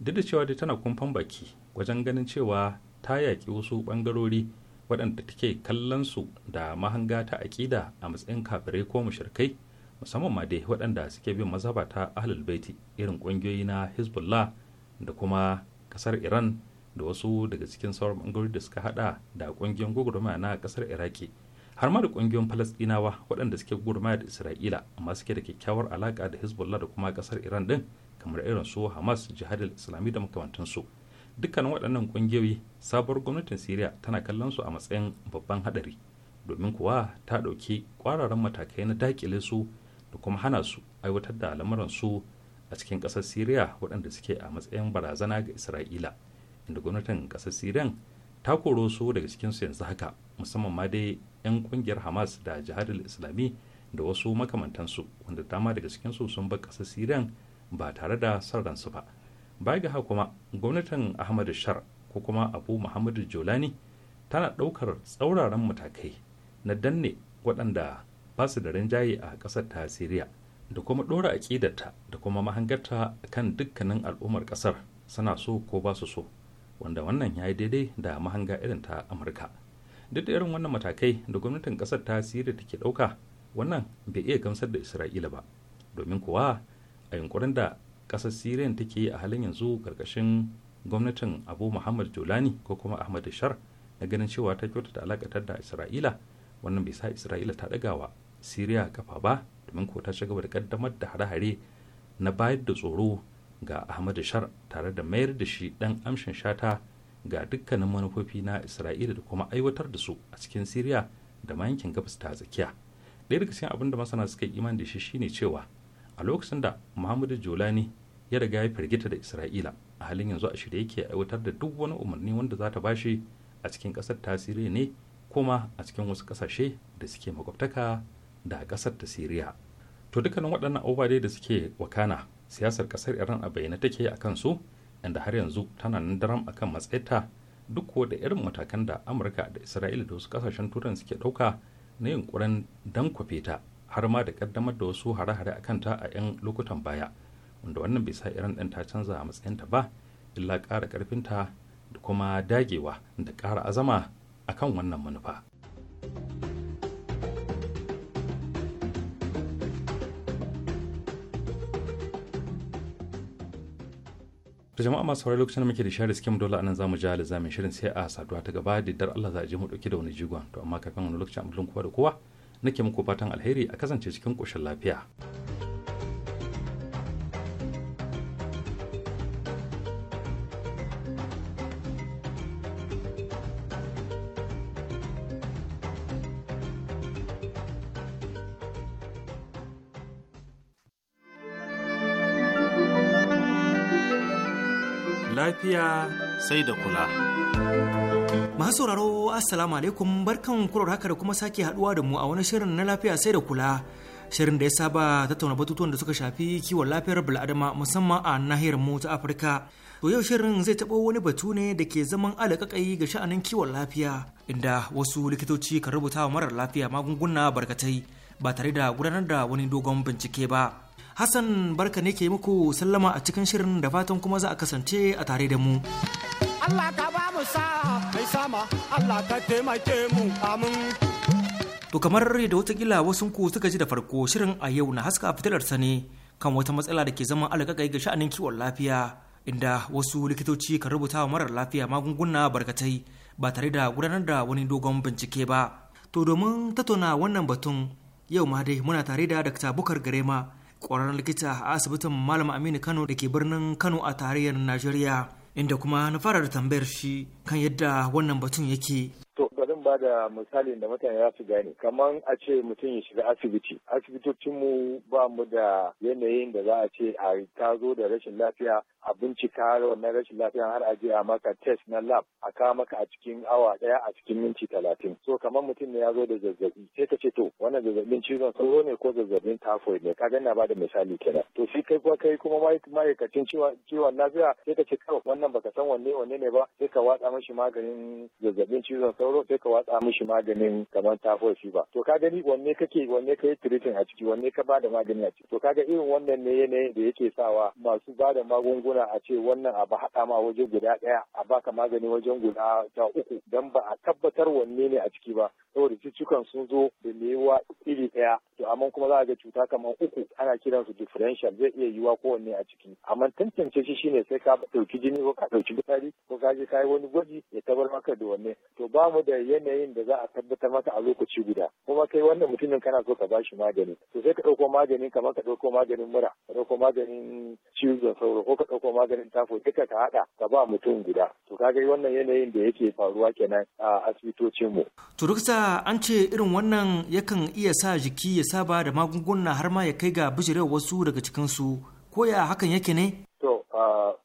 [SPEAKER 3] duk da cewa dai tana kumfan baki wajen ganin cewa ta yaƙi wasu ɓangarori waɗanda take kallon su da mahanga ta aƙida a matsayin kafirai ko mushrikai musamman ma dai waɗanda suke bin mazaba ta ahlul baiti irin ƙungiyoyi na hezbollah da kuma ƙasar iran da wasu daga cikin sauran ɓangarori da suka hada da ƙungiyar gwagwarmaya na ƙasar iraki har ma da kungiyoyin falasdinawa waɗanda suke gurmaya da isra'ila amma suke da kyakkyawar alaka da hezbollah da kuma kasar iran din kamar irin su hamas jihadil islami da makamantansu dukkan waɗannan kungiyoyi sabuwar gwamnatin syria tana kallon su a matsayin babban hadari domin kuwa ta ɗauki kwararan matakai na dakile su da kuma hana su aiwatar da lamuran su a cikin kasar syria waɗanda suke a matsayin barazana ga isra'ila inda gwamnatin kasar syrian ta koro su daga cikinsu yanzu haka musamman ma dai 'yan kungiyar hamas da jihar islami da wasu makamantansu wanda dama daga cikinsu sun bar kasar siriyan ba tare da san ransu ba baya ga haka kuma gwamnatin ahmadu shar ko kuma abu muhammadu jolani tana ɗaukar tsauraran matakai na danne waɗanda ba su da rinjaye a ƙasar ta siriya da kuma ɗora aƙidarta da kuma mahangarta kan dukkanin al'ummar ƙasar suna so ko ba su so wanda wannan ya yi daidai da mahanga irin ta amurka duk da irin wannan matakai da gwamnatin kasar ta da take dauka wannan bai iya gamsar da isra'ila ba domin kuwa a yunkurin da kasar siriyan take yi a halin yanzu karkashin gwamnatin abu muhammad jolani ko kuma ahmad shar na ganin cewa ta kyautata alakatar da isra'ila wannan bai sa isra'ila ta wa siriya kafa ba domin ko ta ci gaba da kaddamar da hare-hare na bayar da tsoro ga ahmad shar tare da mayar da shi dan amshin shata ga dukkanin manufofi na isra'ila da kuma aiwatar da su a cikin siriya da ma yankin gabas ta tsakiya ɗaya daga cikin abin da masana suka yi imani da shi shine cewa a lokacin da muhammadu jolani ya riga ya firgita da isra'ila a halin yanzu a shirye yake aiwatar da duk wani umarni wanda za ta bashi a cikin ƙasar ta siriya ne kuma a cikin wasu ƙasashe da suke makwabtaka da ƙasar ta siriya to dukkanin waɗannan abubuwa da suke wakana siyasar ƙasar iran a bayyana take a kan su inda har yanzu tana nan daram akan matsayinta duk kuwa da irin matakan da amurka da isra'ila da wasu kasashen turan suke ɗauka na yunkurin kwafe ta har ma da kaddamar da wasu hare-hare a kanta a 'yan lokutan baya wanda wannan bai sa iran ɗin ta canza a matsayinta ba illa ƙara ƙarfinta da kuma dagewa da ƙara azama akan wannan manufa. to jama'a masu saurari lokacin da muke da share skim dole anan zamu ji haliza mai shirin sai a saduwa ta gaba da dar Allah za a je mu dauki da wani jigon to amma kafin wani lokacin amulin kowa da kowa nake muku fatan alheri a kasance cikin koshin lafiya.
[SPEAKER 2] sai da kula. Masu sauraro Assalamu alaikum barkan kurar haka da kuma sake haduwa da mu a wani shirin na lafiya sai da kula. Shirin da ya saba tattauna batutuwan da suka shafi kiwon lafiyar bil'adama musamman a nahiyar mu ta Afirka. To yau shirin zai taɓo wani batu ne da ke zaman alaƙaƙai ga sha'anin kiwon lafiya inda wasu likitoci kan rubuta wa marar lafiya magunguna barkatai ba tare da gudanar da wani dogon bincike ba. Hassan barka ne ke muku sallama a cikin shirin da fatan kuma za a kasance a tare da mu. Allah ka ba mu mai sama Allah ka taimake mu amin. To kamar da watakila wasu ku suka ji da farko shirin a yau na haska fitilar sani kan wata matsala da ke zama alƙaƙai ga sha'anin kiwon lafiya inda wasu likitoci kan rubuta wa marar lafiya magunguna barkatai ba tare da gudanar da wani dogon bincike ba. To domin tattauna wannan batun yau ma dai muna tare da Dr. Bukar Garema ƙwararren likita a asibitin malam aminu kano da ke birnin kano a tarayyar najeriya inda kuma na fara da tambayar shi kan yadda wannan batun yake
[SPEAKER 4] ba da misalin da mutane za su gane kamar a ce mutum ya shiga asibiti asibitocinmu ba mu da yanayin da za a ce a ta zo da rashin lafiya a bincika wannan rashin lafiya har a je a maka test na lab a kawo maka a cikin awa daya a cikin minti talatin so kamar mutum ne ya zo da zazzabi sai ka ce to wannan zazzabin cizon sauro ne ko zazzabin typhoid ne ka ganna ba da misali kenan to shi kai kuma kai kuma ma'aikacin ciwon lafiya sai ka ce kawai wannan baka san wanne wanne ne ba sai ka watsa mashi maganin zazzabin cizon sauro sai ka watsa mishi maganin kamar shi ba. to ka gani wanne kake wanne ka yi tiritin a ciki wanne ka ba da magani a ciki to kaga irin wannan ne yanayin da yake sawa masu ba da magunguna a ce wannan ba haɗa ma waje guda ɗaya a baka magani wajen guda ta uku dan ba a tabbatar wanne ne a ciki ba saboda cutukan sun zo da mewa iri ɗaya to amma kuma za a ga cuta kamar uku ana kiran su differential zai iya yiwa kowanne a ciki amma tantance shi shine sai ka ɗauki jini ko ka ɗauki fitsari ko ka je ka yi wani gwaji ya tabar maka da wanne to ba mu da yanayi yanayin da za a tabbatar maka a lokaci guda kuma kai wannan mutumin kana so ka bashi magani to sai ka ɗauko magani kamar ka ɗauko maganin mura ka ɗauko maganin cizon sauro ko ka ɗauko maganin tafo duka ka haɗa ka ba mutum guda to kaga wannan yanayin da yake faruwa kenan a asibitocinmu.
[SPEAKER 2] to rukta an ce irin wannan yakan iya sa jiki ya saba da magunguna har ma ya kai ga bijirewa wasu daga cikinsu ko ya hakan yake ne?
[SPEAKER 4] to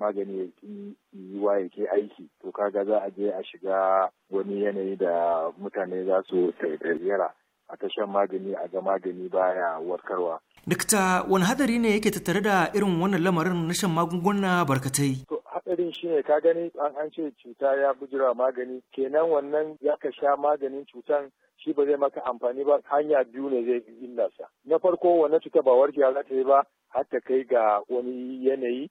[SPEAKER 4] magani ya ki yiwa ya aiki to kaga za a je a shiga wani yanayi da mutane za su tsayayyara a ta magani a ga magani baya warkarwa.
[SPEAKER 2] Dikta wani hadari ne yake tattare da irin wannan lamarin na shan magunguna barkatai?
[SPEAKER 4] hadarin shi ne ka gani an an ce cuta ya bujira magani kenan wannan ya ka sha maganin cutan shi ba zai maka amfani ba hanya biyu ne zai illa sa na farko wannan cuta ba warkewa za ta yi ba har ta kai ga wani yanayi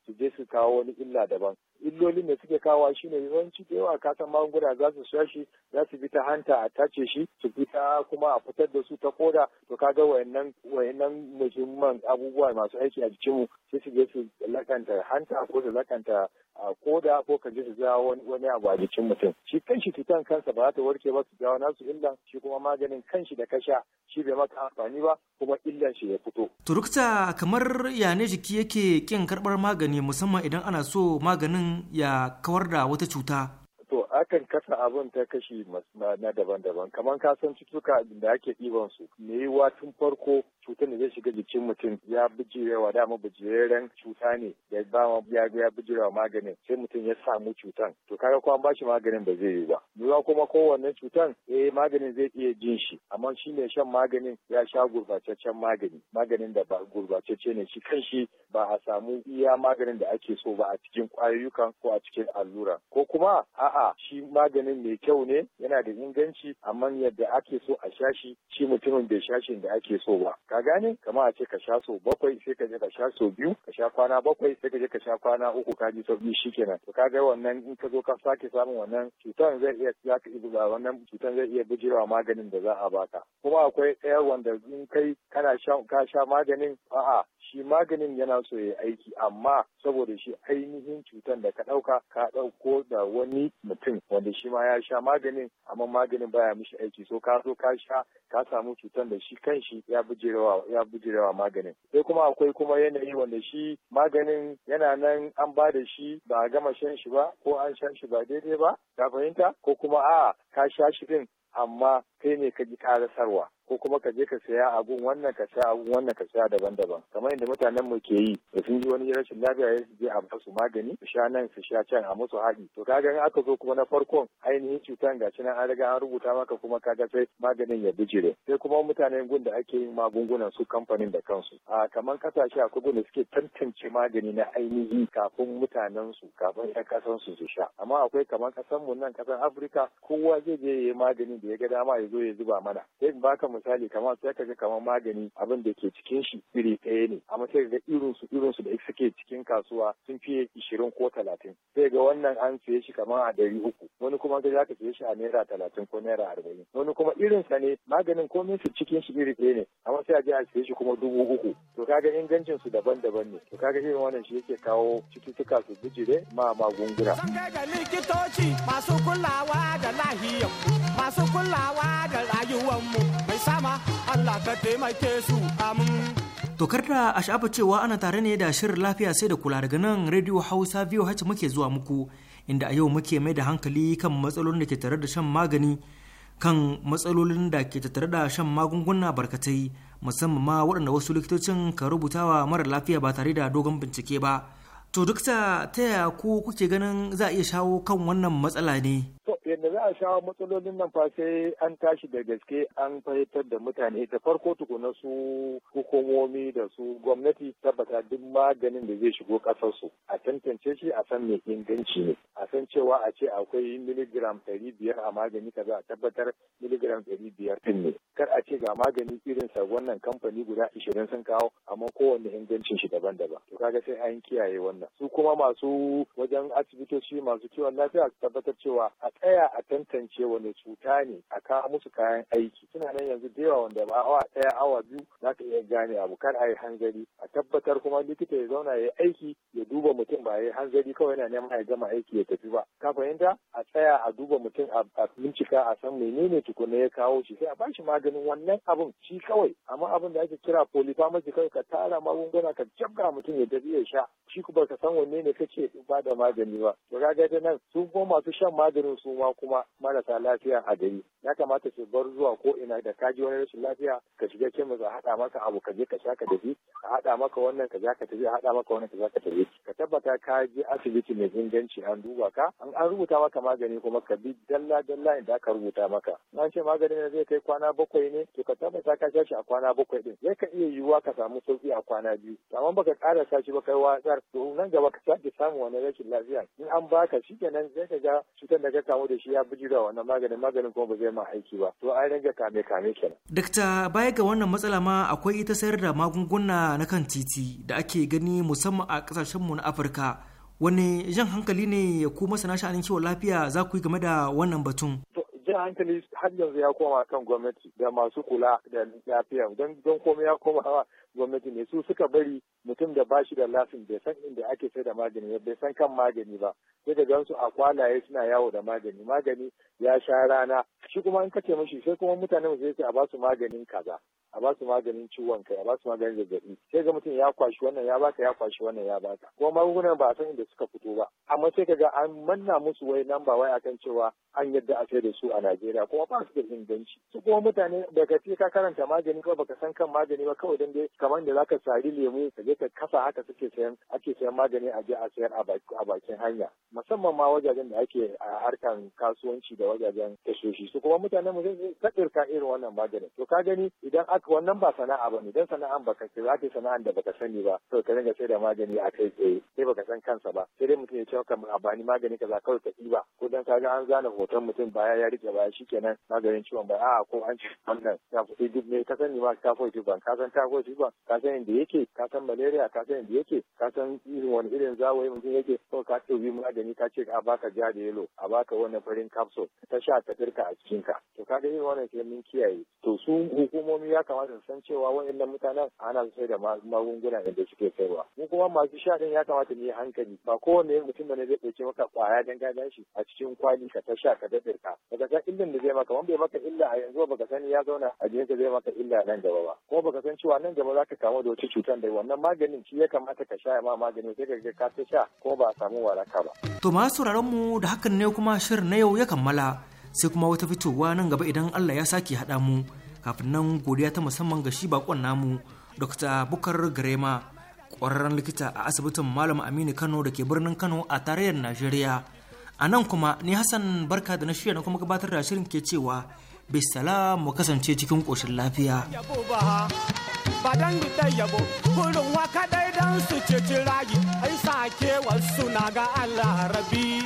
[SPEAKER 4] su je su kawo wani illa daban illolin da suke kawo shi ne yawanci da yawa kasan magunguna za su sha shi za su bi ta hanta a tace shi su bi kuma a fitar da su ta koda to kaga wayannan wayannan muhimman abubuwa masu aiki a jikinmu sai su je su lakanta hanta ko su lakanta a koda ko ka ji su ja wani abu a jikin mutum shi kanshi cutan kansa ba za ta warke ba su jawo nasu illan shi kuma maganin kanshi da kasha shi bai maka amfani ba kuma illan shi ya fito.
[SPEAKER 2] turukta kamar ya ne jiki yake kin karɓar magani magani musamman idan ana so maganin ya kawar da wata cuta
[SPEAKER 4] To akan kasa abin ta kashi na daban-daban kamar ka san cutuka da ake ɗiban su me yiwa tun farko cutar da zai shiga jikin mutum ya bijirewa dama bijireren cuta ne da ba ya ya bijirewa maganin sai mutum ya samu cutan to kaga kuma ba shi maganin ba zai yi ba yiwa kuma kowanne cutan eh maganin zai iya jin shi amma shi ne shan maganin ya sha gurbataccen magani maganin da ba gurbatacce ne shi kanshi ba a samu iya maganin da ake so ba a cikin ƙwayoyukan ko a cikin allura ko kuma a'a a'a shi maganin mai kyau ne yana da inganci amma yadda ake so a sha shi shi mutumin bai sha shi da ake so ba ka gane kamar a ce ka sha so bakwai sai ka je ka sha so biyu ka sha kwana bakwai sai ka je ka sha kwana uku ka ji sauki shikenan to ka ga wannan in ka zo ka sake samun wannan cutar zai iya za ka iya wannan cutar zai iya bujewa maganin da za a baka kuma akwai ɗaya wanda in kai kana sha ka sha maganin a'a shi maganin yana so ya aiki amma saboda shi ainihin cutar da ka ɗauka ka ɗauko da wani mutum wanda shi ma ya sha maganin amma maganin baya mishi aiki so ka zo ka sha ka samu cutar da shi kanshi ya bujirewa ya bujirewa maganin sai kuma akwai kuma yanayi wanda shi maganin yana nan an ba da shi ba a gama shan shi ba ko an sha shi ba daidai ba ka fahimta ko kuma a ka sha shi din amma kai ne ka ji karasarwa ko kuma ka je ka saya abun wannan ka sha abun wannan ka sha daban-daban kamar yadda mutanen mu ke yi da sun ji wani rashin lafiya ya su je a basu magani su sha nan su sha can a musu haɗi to kaga in aka zo kuma na farkon ainihin cutan gashi nan an riga an rubuta maka kuma kaga sai maganin ya bijire sai kuma mutanen gun da ake yin magungunan su kamfanin da kansu a kamar kasashe akwai gun da suke tantance magani na ainihi kafin mutanen su kafin ya kasan su su sha amma akwai kamar kasan mu nan kasan Afirka kowa zai je ya yi magani da ya ga dama ya zo ya zuba mana sai in baka mu misali kamar sai ka ga kamar magani abin da ke cikin shi iri ɗaya ne amma sai ga irin su irin su da suke cikin kasuwa sun fiye ishirin ko talatin sai ga wannan an siye shi kamar a ɗari uku wani kuma ga za ka siye shi a naira talatin ko naira arba'in wani kuma irin sa ne maganin komai su cikin shi iri ɗaya ne amma sai a je a siye shi kuma dubu uku to kaga ingancin su daban-daban ne to kaga irin wannan shi yake kawo cututtuka su bijire ma magunguna.
[SPEAKER 2] likitoci masu kulawa da lahiyar masu kulawa da rayuwar mu mai sama Allah ka taimake su amin. Tokar da a sha'afa cewa ana tare ne da shirin lafiya sai da kula daga nan Radio Hausa VOH muke zuwa muku inda a yau muke mai da hankali kan matsalolin da ke tare da shan magani kan matsalolin da ke tattare da shan magunguna barkatai musamman ma waɗanda wasu likitocin ka rubuta wa mara lafiya ba tare da dogon bincike ba. To duk ta yaya ku kuke ganin za a iya shawo kan wannan matsala ne?
[SPEAKER 4] yadda za a shawo matsalolin nan fa sai an tashi da gaske an fahimtar da mutane ta farko tukuna su hukumomi da su gwamnati tabbata duk maganin da zai shigo kasar su a tantance shi a san mai inganci ne a san cewa a ce akwai miligram ɗari biyar a magani kaza a tabbatar miligram ɗari biyar ɗin ne kar a ce ga magani irin sa wannan kamfani guda ishirin sun kawo amma kowanne ingancin shi daban-daban to kaga sai an kiyaye wannan su kuma masu wajen asibitoci masu kiwon lafiya tabbatar cewa a tsaya a tantance wani cuta ne a kawo musu kayan aiki suna nan yanzu da yawa wanda ba awa ɗaya awa biyu za ka iya gane abu kar a yi hanzari a tabbatar kuma likita ya zauna ya yi aiki ya duba mutum ba ya yi hanzari kawai yana neman ya gama aiki ya tafi ba ka fahimta a tsaya a duba mutum a bincika a san menene tukuna ya kawo shi sai a bashi maganin wannan abun shi kawai amma abin da ake kira polypharmacy kawai ka tara magunguna ka jabga mutum ya tafi ya sha shi ba ka san wanne ne kace ba da magani ba to kaga ta nan su kuma masu shan maganin su ma kuma marasa lafiya a gari ya kamata su bar zuwa ko ina da kaji wani rashin lafiya ka shiga kemis a haɗa maka abu ka je ka sha ka tafi a haɗa maka wannan ka za ka tafi a haɗa maka wannan ka za ka tafi ka tabbata ka je asibiti mai inganci an duba ka an an rubuta maka magani kuma ka bi dalla dalla inda aka rubuta maka an ce maganin da zai kai kwana bakwai ne to ka tabbata ka sha shi a kwana bakwai din zai ka iya yiwuwa ka samu sauki a kwana biyu amma baka ƙara sa shi ba kai watsar to nan gaba ka sake samu wani rashin lafiya in an baka shi kenan zai ka ga cutar da ka kamu da shi ya bijira wannan maganin maganin kuma ba zai ma aiki ba to an ranga kame kame kenan.
[SPEAKER 2] dakta baya ga wannan matsala ma akwai ita sayar da magunguna na kan titi da ake gani musamman a kasashen mu na afirka wani jan hankali ne ku masana sha'anin kiwon lafiya za ku yi game da wannan batun.
[SPEAKER 4] jan hankali har yanzu ya koma kan gwamnati da masu kula da lafiya don komai ya koma gwamnati ne su suka bari mutum da ba shi da lasin bai san inda ake sai da magani bai san kan magani ba sai da gansu a kwalaye suna yawo da magani magani ya sha rana shi kuma in kace mashi sai kuma mutane mu sai a ba maganin kaza a ba su maganin ciwon kai a ba su maganin zazzabi sai ga mutum ya kwashi wannan ya baka ya kwashi wannan ya baka kuma magungunan ba a san inda suka fito ba amma sai kaga an manna musu wai nan ba wai akan cewa an yadda a sai da su a Najeriya kuma ba su da inganci su kuma mutane daga ce ka karanta magani kawai baka san kan magani ba kawai dan dai kamar da zaka sari lemu ka je ka kasa haka suke sayan ake sayan magani a je a sayar a bakin hanya musamman ma wajajen da ake a harkan kasuwanci da wajajen tashoshi su kuma mutanen mu sai ka irin wannan maganin to ka gani idan aka wannan ba sana'a ne idan sana'an baka ce za sana'an da baka sani ba to ka dinga sai da magani a kai tsaye sai baka san kansa ba sai dai mutum ya ce a bani magani kaza kawai ka ɗiba ko dan ka ga an zana hoton mutum baya ya rike baya shikenan maganin ciwon baya a'a ko an ci wannan ya fi duk ka sani ma ka fi ban ka san ta fi ka san inda yake ka san malaria ka san inda yake ka san irin wani irin zawayi mutum yake ko ka biyu magani ka ce a baka ja da yelo a baka wannan farin capsule ta sha ta firka a cikin ka to ka gani wannan sai mun kiyaye to su hukumomi ya kamata su san cewa waɗannan mutanen ana sai da magunguna da suke kaiwa mu kuma masu sha din ya kamata mu yi hankali ba kowane mutum ne zai ɗauke maka kwaya dan gadan shi a cikin kwali ka ta sha ka daɗe daga illan da zai maka wanda bai maka illa a yanzu baka sani ya zauna a jikin zai maka illa nan gaba ba kuma baka san cewa nan gaba za ka kamu da wata cutar da wannan maganin shi ya kamata ka sha ma maganin sai ka ga ka ta sha ko ba a samu
[SPEAKER 2] waraka ba. To masu sauraron mu da hakan ne kuma shirin na yau ya kammala sai kuma wata fitowa nan gaba idan Allah ya sake haɗa mu kafin nan godiya ta musamman ga shi bakon namu Dr. Bukar Garema ƙwararren likita a asibitin Malam Aminu Kano da ke birnin Kano a tarayyar Najeriya. A nan kuma ni Hassan Barka da na shirya na kuma gabatar da shirin ke cewa bisalam mu kasance cikin ƙoshin lafiya ba dan yabo gurin wa dan su ce ragi ai sake wasu na ga Allah rabi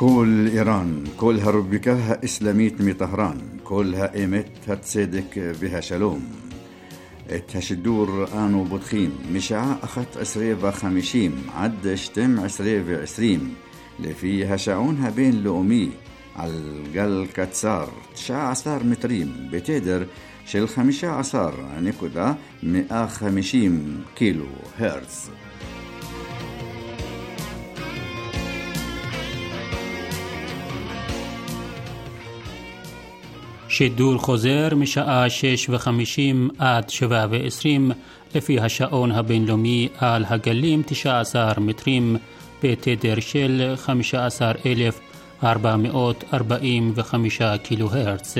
[SPEAKER 1] كل إيران كلها ربكها
[SPEAKER 3] إسلاميت مي طهران كلها إيمت هتصدق بها شلوم الدور آنو بطخيم مشاعة أخت عسرية خمشيم عد شتم عسرية وعسريم لفيها شعونها بين لؤمي على القل كتسار تشاع عصار متريم بتدر شل خمشة عصار نكودا
[SPEAKER 5] مئة خمشيم كيلو هرتز שידור חוזר משעה שש וחמישים עד שבע ועשרים לפי השעון הבינלאומי על הגלים 19 מטרים בתדר של 15,445 קילו הרץ.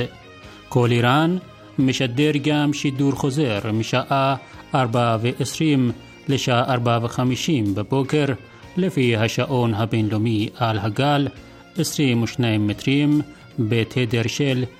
[SPEAKER 5] כל איראן משדר גם שידור חוזר משעה 4 ו לשעה 4 בבוקר לפי השעון הבינלאומי על הגל 22 מטרים בתדר של 15,445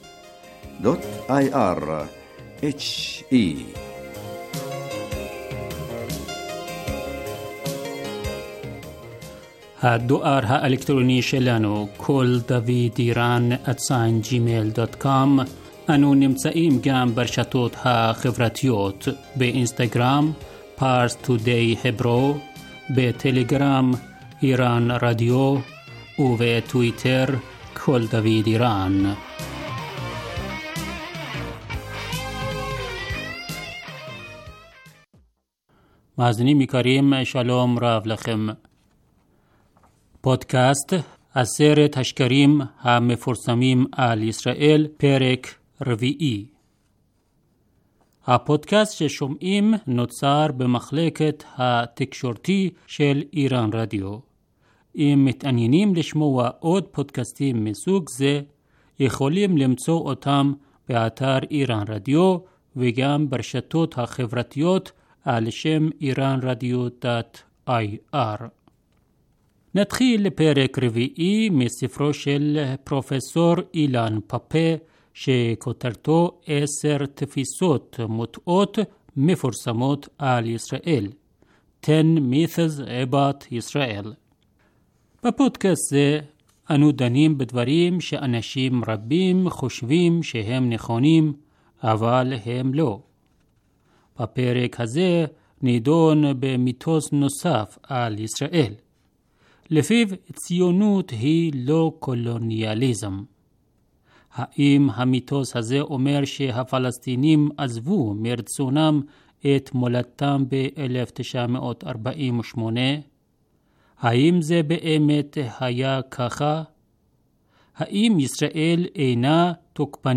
[SPEAKER 5] www.ir he دو آرها الکترونی شلانو کل دوید ایران اتسان جیمیل دوت کام انو نمتا ایم گام برشتوت ها خفرتیوت به انستگرام پارس تو دی هبرو به تلگرام ایران رادیو و به تویتر کل دوید ایران מאזינים יקרים, שלום רב לכם. פודקאסט עשרת השקרים המפורסמים על ישראל, פרק רביעי. הפודקאסט ששומעים נוצר במחלקת התקשורתי של איראן רדיו. אם מתעניינים לשמוע עוד פודקאסטים מסוג זה, יכולים למצוא אותם באתר איראן רדיו וגם ברשתות החברתיות לשם איראן רדיו.ir. נתחיל לפרק רביעי מספרו של פרופסור אילן פאפה, שכותרתו עשר תפיסות מוטעות מפורסמות על ישראל. 10 Myths About Israel. בפודקאסט זה אנו דנים בדברים שאנשים רבים חושבים שהם נכונים, אבל הם לא. בפרק הזה נידון במיתוס נוסף על ישראל. לפיו ציונות היא לא קולוניאליזם. האם המיתוס הזה אומר שהפלסטינים עזבו מרצונם את מולדתם ב-1948? האם זה באמת היה ככה? האם ישראל אינה תוקפנית?